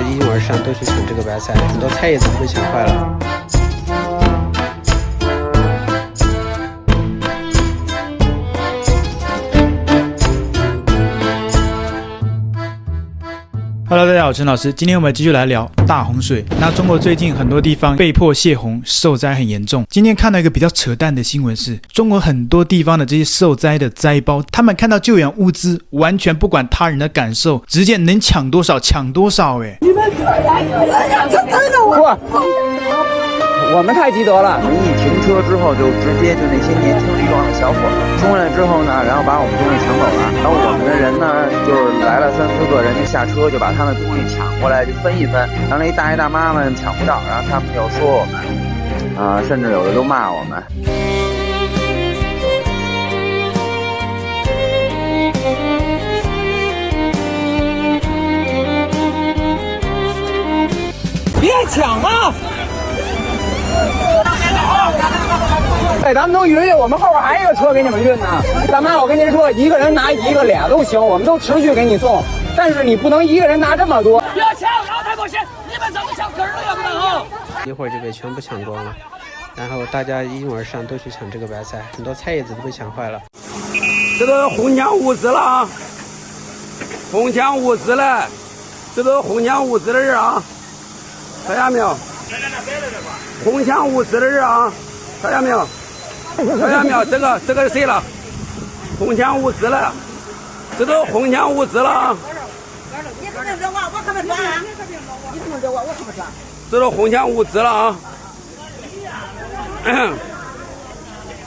一擁而上，都去搶這個白菜，很多菜葉子都被搶壞了。Hello，大家好，陳老師，今天我們繼續來聊大洪水。那中國最近很多地方被迫洩洪，受災很嚴重。今天看到一個比較扯淡的新聞是，中國很多地方的這些受災的災胞，他們看到救援物資，完全不管他人的感受，直接能搶多少搶多少誒。哎，你們快來，人要他推着我。哇我們太積德了。我們一停車之後，就直接就那些年輕力壯的小伙子衝過來之後呢，然後把我們東西搶走了。然後我們的人呢，就是來了三四個人，就下車就把他們東西搶過來就分一分。然後那大爺大媽們搶不到，然後他們就說我們，啊、呃，甚至有的都罵我們。別搶了、啊哎，咱們都勻勻，我們後邊還有一個車給你們運呢。大媽，我跟您說，一個人拿一個倆都行，我們都持續給你送。但是你不能一個人拿這麼多。不要搶，老太婆先，你們怎麼搶根都要搶啊！一會兒就被全部搶光了，然後大家一擁而上都去搶這個白菜，很多菜葉子都被搶壞了。這都是哄搶物資了啊！哄搶物資了，這都是哄搶物資的事啊！看見沒有？哄搶物資的人啊，看見沒有？看見沒有？這個這個是誰了？哄搶物資了，這都哄搶物資了。啊。這都哄搶物資了啊！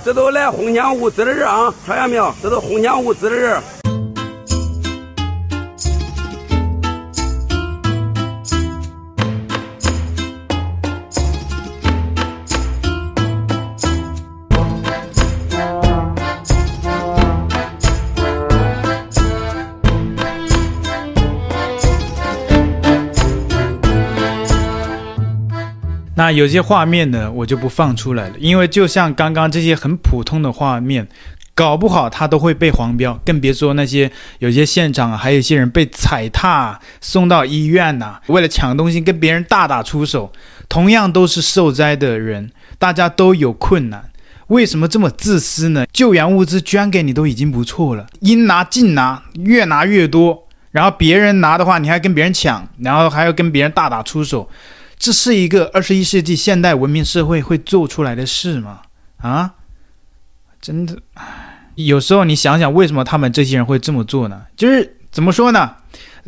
這都來哄搶物資的人啊，看、嗯啊、見沒有？這都哄搶物資的人。啊、有些畫面呢，我就不放出來了，因為就像剛剛這些很普通的畫面，搞不好他都會被黃標，更別說那些有些現場、啊、還有些人被踩踏送到醫院吶、啊。為了搶東西跟別人大打出手，同樣都是受災的人，大家都有困難，為什麼這麼自私呢？救援物資捐給你都已經不錯了，應拿盡拿，越拿越多，然後別人拿的話你還跟別人搶，然後還要跟別人大打出手。這是一個二十一世紀現代文明社會會做出來的事嗎？啊，真的，哎，有時候你想想，為什麼他們這些人會這麼做呢？就是怎麼說呢？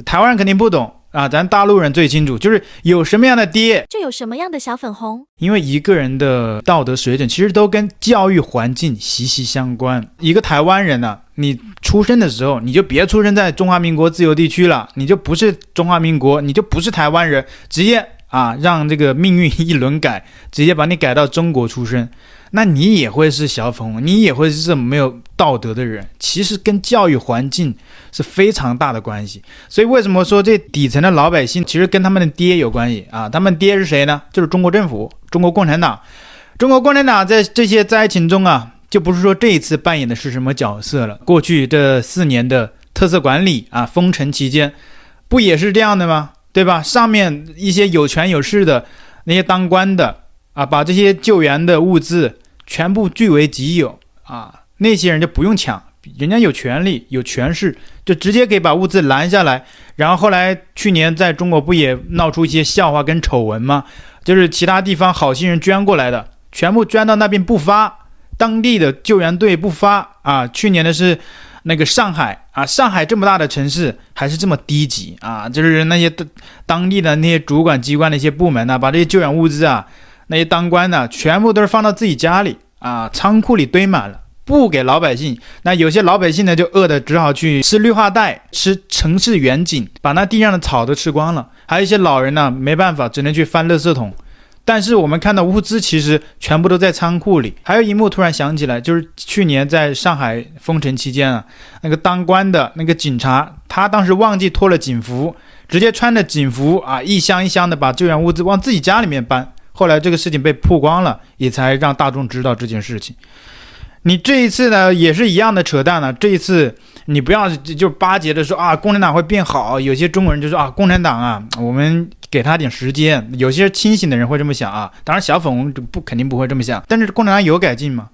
台灣人肯定不懂啊，咱大陸人最清楚。就是有什麼樣的爹，就有什麼樣的小粉紅。因為一個人的道德水準其實都跟教育環境息息相關。一個台灣人呢，啊，你出生的時候你就別出生在中華民國自由地區了，你就不是中華民國，你就不是台灣人，直接。啊，讓這個命運一輪改，直接把你改到中國出生，那你也會是小粉紅，你也會是這麼沒有道德的人。其實跟教育環境是非常大的關係。所以為什麼說這底層的老百姓，其實跟他們的爹有關係啊？他們爹是誰呢？就是中國政府、中國共產黨。中國共產黨在這些災情中啊，就不是說這一次扮演的是什麼角色了。過去這四年的特色管理啊，封城期間，不也是這樣的嗎？對吧？上面一些有權有勢的那些當官的啊，把這些救援的物資全部據為己有啊，那些人就不用搶，人家有權利有權勢，就直接給把物資攔下來。然後後來去年在中國不也鬧出一些笑話跟醜聞嗎？就是其他地方好心人捐過來的，全部捐到那邊不發，當地的救援隊不發啊。去年的是。那個上海啊，上海這麼大的城市，還是這麼低級啊！就是那些當地的那些主管機關的一些部門呢，把這些救援物資啊，那些當官的全部都是放到自己家裡啊，倉庫裡堆滿了，不給老百姓。那有些老百姓呢，就餓的只好去吃綠化帶，吃城市遠景，把那地上的草都吃光了。還有一些老人呢，沒辦法，只能去翻垃圾桶。但是我們看到物資其實全部都在倉庫裡，還有一幕突然想起來，就是去年在上海封城期間啊，那個當官的那個警察，他當時忘記脫了警服，直接穿着警服啊，一箱一箱的把救援物資往自己家裡面搬，後來這個事情被曝光了，也才讓大眾知道這件事情。你這一次呢也是一樣的扯淡了。這一次你不要就巴結的說啊，共產黨會變好。有些中國人就說啊，共產黨啊，我們給他點時間。有些清醒的人會這麼想啊。當然，小粉紅不肯定不會這麼想。但是共產黨有改進嗎？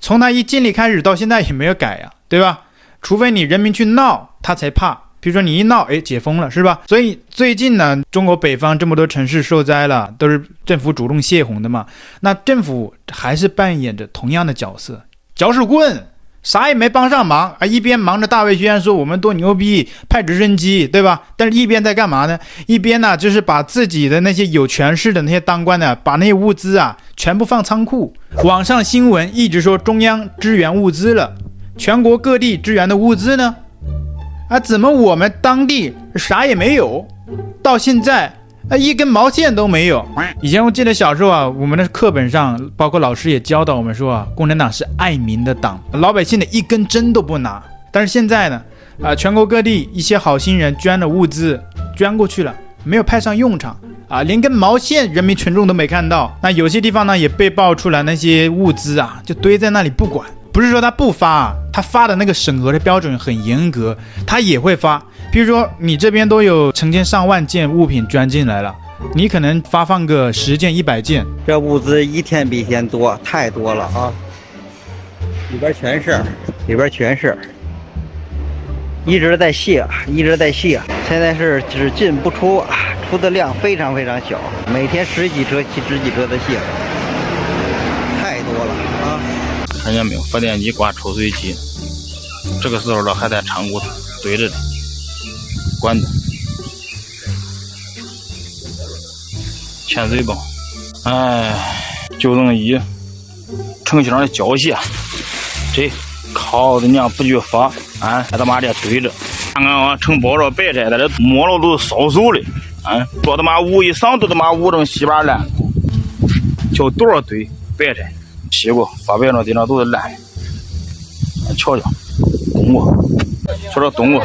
從他一建立開始到現在也沒有改呀，對吧？除非你人民去鬧，他才怕。比如說你一鬧，哎，解封了，是吧？所以最近呢，中國北方這麼多城市受災了，都是政府主動泄洪的嘛。那政府還是扮演着同樣的角色。攪屎棍，啥也沒幫上忙啊！一邊忙着大衛居然說我們多牛逼，派直升機，對吧？但是一邊在幹嘛呢？一邊呢、啊，就是把自己的那些有權勢的那些當官的，把那些物資啊，全部放倉庫。網上新聞一直說中央支援物資了，全國各地支援的物資呢？啊，怎麼我們當地啥也沒有？到現在。啊，一根毛線都沒有。以前我記得小時候啊，我們的課本上，包括老師也教導我們說，啊，共產黨是愛民的黨，老百姓的一根針都不拿。但是現在呢，啊，全國各地一些好心人捐的物資，捐過去了，沒有派上用場啊，連根毛線人民群眾都沒看到。那有些地方呢，也被爆出來那些物資啊，就堆在那裡不管。不是說他不發啊，他發的那個審核的標準很嚴格，他也會發。比如說你這邊都有成千上萬件物品捐進來了，你可能發放個十件、一百件。這物資一天比一天多，太多了啊！裡邊全是，裡邊全是，裡邊全是，一直在卸，一直在卸。現在是只進不出，出的量非常非常小，每天十幾車、幾十幾車的卸，太多了。看見沒有？發電機掛抽水機，這個時候了還在倉庫堆着呢，管子，潛水泵，哎，就這麼一，成箱的膠鞋。這。靠！你娘不句說啊，還他媽的堆着，看看啊，承包這白菜，在這摸了都是嗖手的，啊，這他媽捂一晌都他媽捂成稀巴爛，叫多少堆白菜？洗過，發白了，地上都是爛，瞧瞧，懂我，瞧這懂我，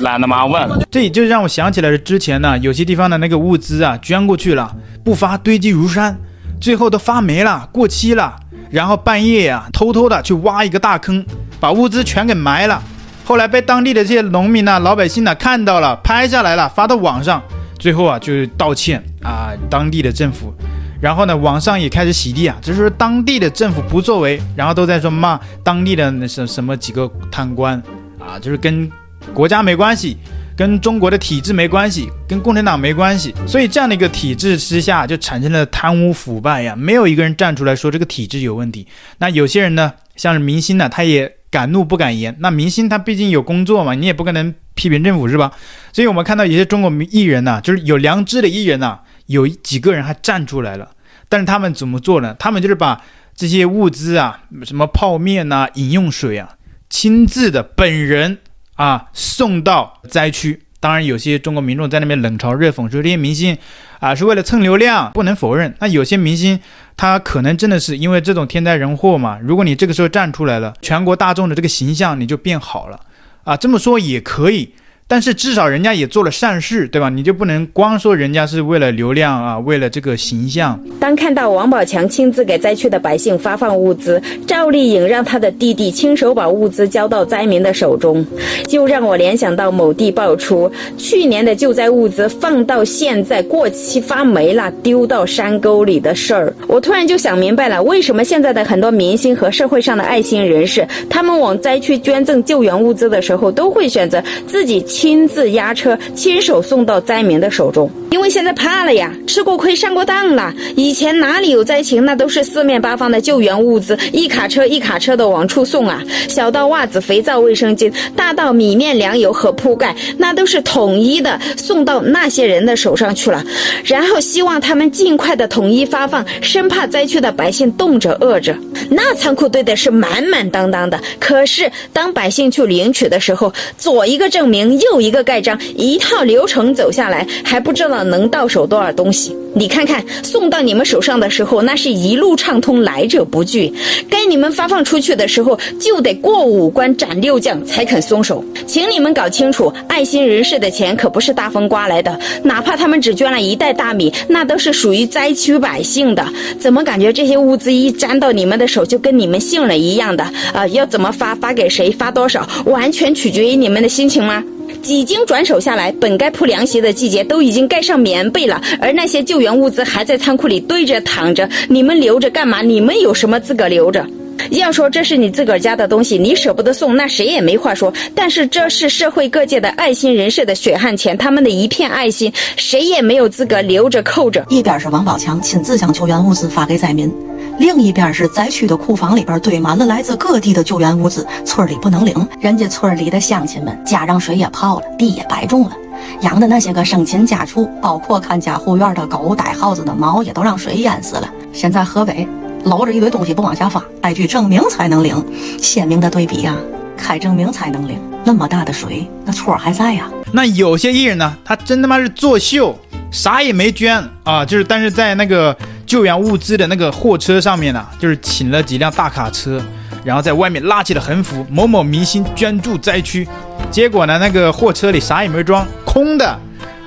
懶得麻煩了。這也就讓我想起來之前呢，有些地方的那個物資啊，捐過去了，不發堆積如山，最後都發霉了、過期了，然後半夜呀、啊，偷偷的去挖一個大坑，把物資全給埋了。後來被當地的這些農民呢、啊、老百姓呢、啊、看到了，拍下來了，發到網上，最後啊，就是道歉啊、呃，當地的政府。然後呢，網上也開始洗地啊，就是說當地的政府不作為，然後都在說罵當地的那什什麼幾個貪官，啊，就是跟國家沒關係，跟中國的體制沒關係，跟共產黨沒關係。所以這樣的一個體制之下，就產生了貪污腐敗呀，沒有一個人站出來說這個體制有問題。那有些人呢，像是明星呢、啊，他也敢怒不敢言。那明星他畢竟有工作嘛，你也不可能批評政府是吧？所以我們看到有些中國藝人吶、啊，就是有良知的藝人吶、啊。有幾個人還站出來了，但是他們怎麼做呢？他們就是把這些物資啊，什麼泡麵吶、啊、飲用水啊，親自的本人啊送到災區。當然，有些中國民眾在那邊冷嘲熱諷，說這些明星啊是為了蹭流量，不能否認。那有些明星他可能真的是因為這種天災人禍嘛。如果你這個時候站出來了，全國大眾的這個形象你就變好了啊，這麼說也可以。但是至少人家也做了善事，對吧？你就不能光說人家是為了流量啊，為了這個形象。當看到王寶強親自給災區的百姓發放物資，趙麗穎讓她的弟弟親手把物資交到災民的手中，就讓我聯想到某地爆出去年的救災物資放到現在過期發霉了，丟到山溝裡的事兒。我突然就想明白了，為什麼現在的很多明星和社會上的愛心人士，他們往災區捐贈救援物資的時候，都會選擇自己親自押車，親手送到災民的手中。因為現在怕了呀，吃過虧，上過當了。以前哪裡有災情，那都是四面八方的救援物資，一卡車一卡車的往出送啊。小到襪子、肥皂、衛生巾，大到米麵糧油和鋪蓋，那都是統一的送到那些人的手上去了。然後希望他們盡快的統一發放，生怕災區的百姓凍着餓着。那倉庫堆的是滿滿當當的，可是當百姓去領取的時候，左一個證明，右。又一個蓋章，一套流程走下來，還不知道能到手多少東西。你看看送到你們手上的時候，那是一路暢通，來者不拒；該你們發放出去的時候，就得過五關斬六將才肯鬆手。請你們搞清楚，愛心人士的錢可不是大風刮來的，哪怕他們只捐了一袋大米，那都是屬於災區百姓的。怎麼感覺這些物資一沾到你們的手，就跟你們姓了一樣的？啊、呃，要怎麼發，發給誰，發多少，完全取決於你們的心情嗎？幾經轉手下來，本該鋪涼蓆的季節都已經蓋上棉被了，而那些救援物資還在倉庫裡堆着躺着。你們留着幹嘛？你們有什麼資格留着？要說這是你自個兒家的東西，你捨不得送，那誰也沒話說。但是這是社會各界的愛心人士的血汗錢，他們的一片愛心，誰也沒有資格留着扣着。一邊是王寶強親自將救援物資發給災民。另一邊是災區的庫房裡邊堆滿了來自各地的救援物資，村裡不能領，人家村裡的鄉親們家讓水也泡了，地也白種了，養的那些個生禽家畜，包括看家護院的狗、逮耗子的貓也都讓水淹死了。現在河北摟着一堆東西不往下發，開具證明才能領，鮮明的對比呀、啊！開證明才能領，那麼大的水，那錯還在呀、啊？那有些藝人呢，他真他媽是作秀，啥也沒捐啊，就是但是在那個。救援物資的那個貨車上面呢、啊，就是請了幾輛大卡車，然後在外面拉起了橫幅：“某某明星捐助災區。”結果呢，那個貨車裡啥也沒裝，空的，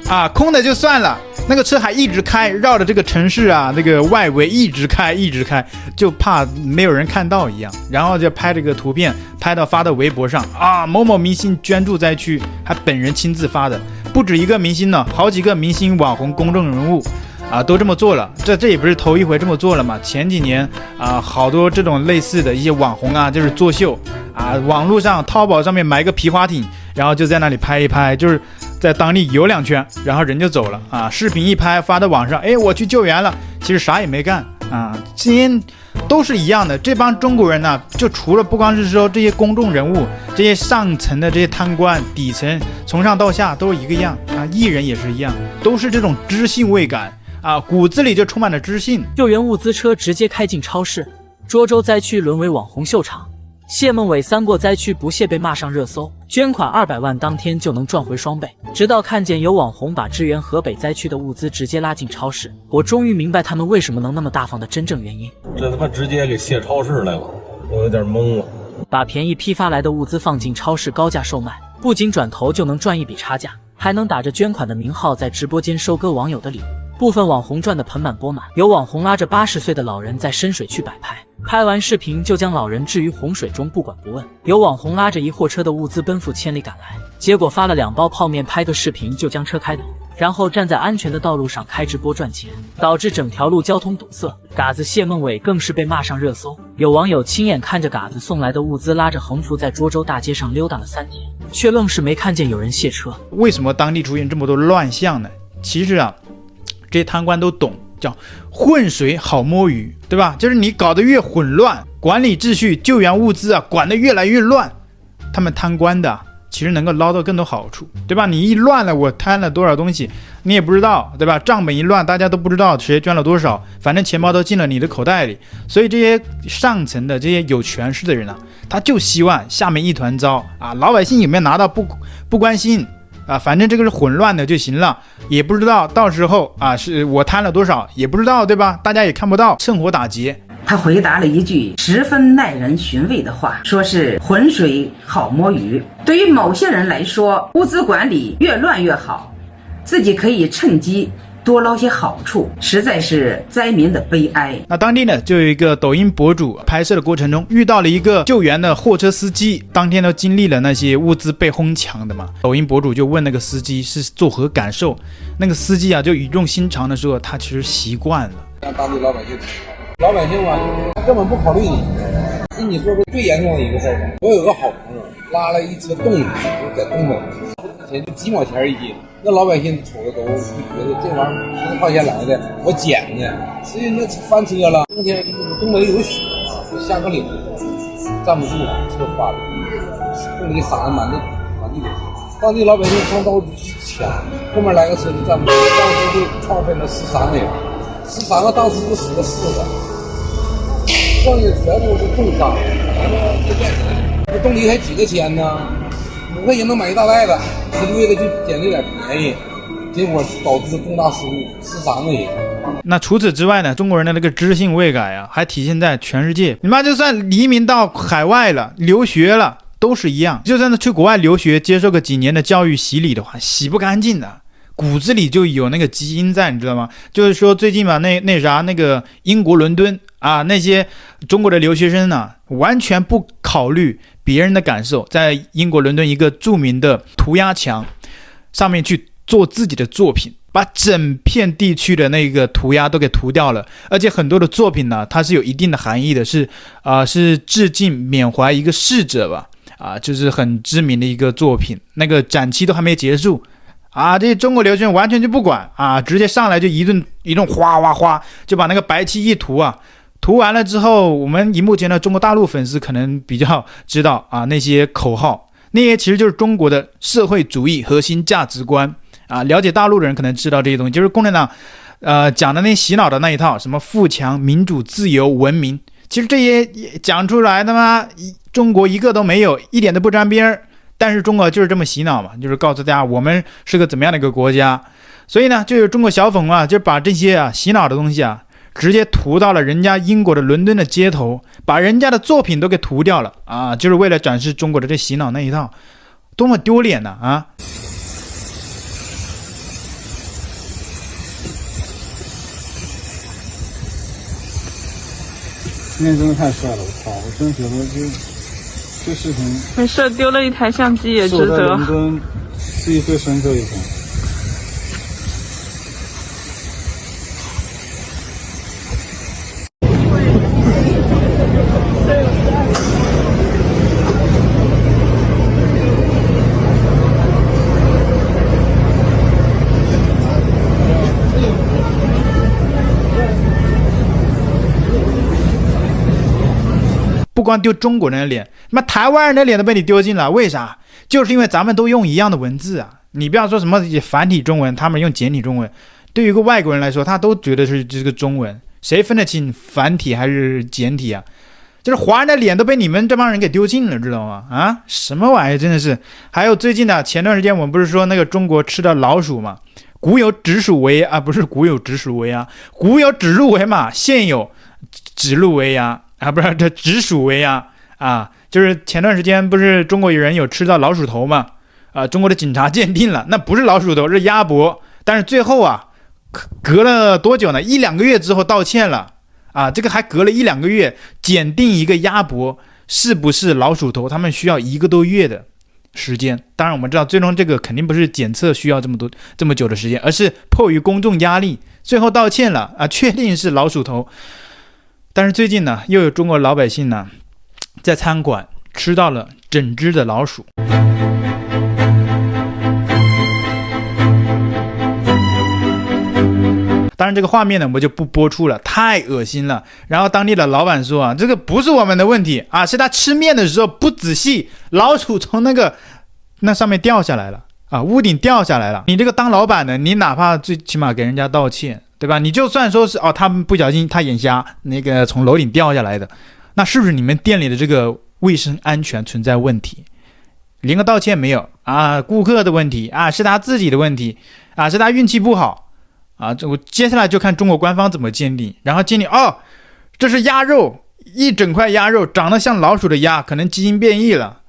啊，空的就算了，那個車還一直開，繞着這個城市啊，那個外圍一直開一直開，就怕沒有人看到一樣，然後就拍這個圖片，拍到發到微博上啊，“某某明星捐助災區”，還本人親自發的，不止一個明星呢，好幾個明星、網紅、公眾人物。啊，都這麼做了，這這也不是頭一回這麼做了嘛。前幾年啊，好多這種類似的一些網紅啊，就是作秀啊，網絡上、淘寶上面買一個皮划艇，然後就在那裡拍一拍，就是在當地游兩圈，然後人就走了啊。視頻一拍發到網上，哎，我去救援了，其實啥也沒幹啊。今天都是一樣的，這幫中國人呢，就除了不光是說這些公眾人物，這些上層的這些貪官，底層從上到下都是一個樣啊。藝人也是一樣，都是這種知性味感。啊，骨子裡就充滿了自信。救援物資車直接開進超市，涿州災區淪為網紅秀場。謝孟偉三過災區，不屑被罵上熱搜，捐款二百萬，當天就能賺回雙倍。直到看見有網紅把支援河北災區的物資直接拉進超市，我終於明白他們為什麼能那麼大方的真正原因。這他媽直接給卸超市來了，我有點懵了。把便宜批發來的物資放進超市高價售賣，不僅轉頭就能賺一筆差價，還能打着捐款的名號在直播間收割網友的禮物。部分網紅賺得盆滿缽滿，滿，有網紅拉着八十歲的老人在深水區擺拍，拍完視頻就將老人置於洪水中不管不問；有網紅拉着一貨車的物資奔赴千里趕來，結果發了兩包泡麵拍個視頻就將車開走，然後站在安全的道路上開直播賺錢，導致整條路交通堵塞。嘎子謝孟偉更是被罵上熱搜。有網友親眼看着嘎子送來的物資拉着橫幅在涿州大街上溜達了三天，卻愣是沒看見有人卸車。為什麼當地出現這麼多亂象呢？其實啊。這些貪官都懂，叫混水好摸魚，對吧？就是你搞得越混亂，管理秩序、救援物資啊，管得越來越亂，他們貪官的其實能夠撈到更多好處，對吧？你一亂了，我貪了多少東西，你也不知道，對吧？賬本一亂，大家都不知道誰捐了多少，反正錢包都進了你的口袋裡。所以這些上層的這些有權勢的人呢啊，他就希望下面一團糟啊，老百姓有沒有拿到不不關心。啊，反正這個是混亂的就行了，也不知道到時候啊是我貪了多少，也不知道，對吧？大家也看不到，趁火打劫。他回答了一句十分耐人尋味的話，說是渾水好摸魚。對於某些人來說，物資管理越亂越好，自己可以趁機。多撈些好處，實在是災民的悲哀。那當地呢，就有一個抖音博主拍攝的過程中，遇到了一個救援的貨車司機。當天都經歷了那些物資被哄搶的嘛？抖音博主就問那個司機是作何感受？那個司機啊，就語重心長的說：“他其實習慣了。”讓當地老百姓，老百姓啊，就根本不考慮你。跟你說說最嚴重的一個事兒吧。我有個好朋友拉了一車凍魚，就在東北。就幾毛錢一斤，那老百姓瞅着都就覺得這玩意兒不是花錢來的。我撿呢，實際那翻車了。冬天東北有雪，下個嶺站不住的，了，車翻了，凍梨撒了滿地，滿地。當地老百姓上道去搶，後面來個車，就站不住，當時就創飛了十三個，人，十三個當時就死了四個，剩下全都是重傷。完了就變慘。這凍梨還幾個錢呢？五塊錢能買一大袋子，為了去撿這點便宜，結果導致重大失誤，死三個人。那除此之外呢？中國人的那個知性未改啊，還體現在全世界。你媽就算移民到海外了，留學了，都是一樣。就算是去國外留學，接受個幾年的教育洗禮的話，洗不乾淨的、啊，骨子裡就有那個基因在，你知道嗎？就是說最近吧，那那啥，那個英國倫敦啊，那些中國的留學生呢、啊？完全不考慮別人的感受，在英國倫敦一個著名的塗鴉牆上面去做自己的作品，把整片地區的那個塗鴉都給塗掉了。而且很多的作品呢，它是有一定的含義的，是啊、呃，是致敬緬懷一個逝者，吧，啊、呃，就是很知名的一個作品。那個展期都還沒結束，啊，這些中國留學生完全就不管啊，直接上來就一頓一頓嘩嘩嘩，就把那個白漆一塗啊。塗完了之後，我們以目前的中國大陸粉絲可能比較知道啊，那些口號，那些其實就是中國的社會主義核心價值觀啊。了解大陸的人可能知道這些東西，就是共產黨，呃，講的那洗腦的那一套，什麼富強、民主、自由、文明，其實這些也講出來的嘛，中國一個都沒有，一點都不沾邊兒。但是中國就是這麼洗腦嘛，就是告訴大家我們是個怎麼樣的一個國家。所以呢，就是中國小粉啊，就把這些啊洗腦的東西啊。直接塗到了人家英國的倫敦的街頭，把人家的作品都給塗掉了啊！就是為了展示中國的這洗腦那一套，多麼丟臉呢啊！今天真的太帥了，我操，我真覺得這這視頻沒事，丟了一台相機也值得。倫敦，自己最深刻的一天。不光丟中國人的臉，那台灣人的臉都被你丟盡了，為啥？就是因為咱們都用一樣的文字啊！你不要說什麼繁體中文，他們用簡體中文，對於一個外國人來說，他都覺得是這個中文，誰分得清繁體還是簡體啊？就是華人的臉都被你們這幫人給丟盡了，知道嗎？啊，什麼玩意？真的是！還有最近的，前段時間我們不是說那個中國吃的老鼠嗎？古有指鼠為啊，不是古有指鼠為啊，古有指鹿為馬，現有指鹿為啊。啊，不是這指鼠為鴨啊，就是前段時間不是中國有人有吃到老鼠頭嘛？啊，中國的警察鑑定了，那不是老鼠頭，是鴨脖。但是最後啊，隔了多久呢？一兩個月之後道歉了啊，這個還隔了一兩個月，鑑定一個鴨脖是不是老鼠頭，他們需要一個多月的時間。當然我們知道，最終這個肯定不是檢測需要這麼多這麼久的時間，而是迫於公眾壓力，最後道歉了啊，確定是老鼠頭。但是最近呢，又有中國老百姓呢，在餐館吃到了整隻的老鼠。當然，這個畫面呢，我們就不播出了，太惡心了。然後當地的老闆說啊，這個不是我們的問題啊，是他吃麵的時候不仔細，老鼠從那個那上面掉下來了啊，屋頂掉下來了。你這個當老闆的，你哪怕最起碼給人家道歉。對吧？你就算說是哦，他們不小心，他眼瞎，那個從樓頂掉下來的，那是不是你們店裡的這個衛生安全存在問題？連個道歉沒有啊？顧客的問題啊，是他自己的問題啊，是他運氣不好啊？這我接下來就看中國官方怎麼鑑定，然後鑑定哦，這是鴨肉，一整塊鴨肉長得像老鼠的鴨，可能基因變異了，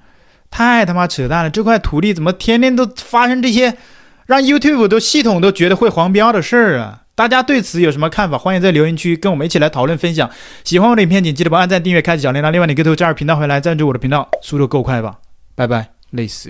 太他媽扯淡了！這塊土地怎麼天天都發生這些讓 YouTube 都系統都覺得會黃標的事兒啊？大家對此有什麼看法？歡迎在留言區跟我們一起來討論分享。喜歡我的影片，請記得幫按讚、訂閱、開啟小鈴鐺。另外你，你給我加入頻道回來，贊助我的頻道，速度夠快吧？拜拜，累死。